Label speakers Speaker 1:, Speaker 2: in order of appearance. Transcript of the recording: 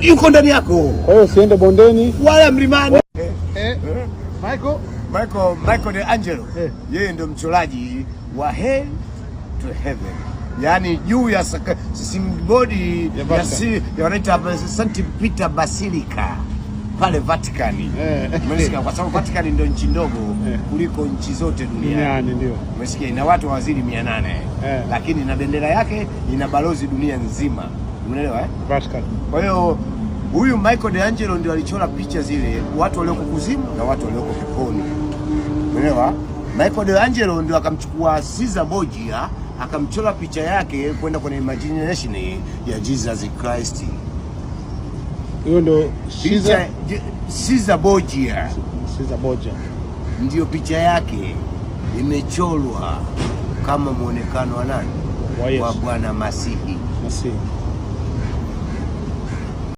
Speaker 1: yuko ndani yako.
Speaker 2: Kwa hiyo usiende bondeni
Speaker 1: wala mlimani.
Speaker 3: Eh eh, eh, eh, Michael
Speaker 1: Michael Michael de Angelo eh, yeye ndio mchoraji wa Hell to Heaven, yaani juu ya simbodi wanaita St Peter Basilica pale Vatican. Eh. umesikia? Kwa sababu Vatican ndio nchi ndogo kuliko nchi zote
Speaker 2: duniani, ndio
Speaker 1: umesikia, ina watu wazidi 800. lakini na bendera yake ina balozi dunia nzima umeelewa eh? Kwa hiyo huyu Michael D'Angelo ndio alichora picha zile, watu walioko kuzimu na watu walioko peponi, umeelewa? Michael angelo ndio akamchukua Caesar Borgia akamchora picha yake kwenda kwenye imagination ya Jesus Christ.
Speaker 2: Hiyo ndio Caesar
Speaker 1: Caesar Borgia. Caesar Borgia ndiyo picha yake imechorwa kama mwonekano wa nani? Wa Bwana Masihi,
Speaker 2: Masihi.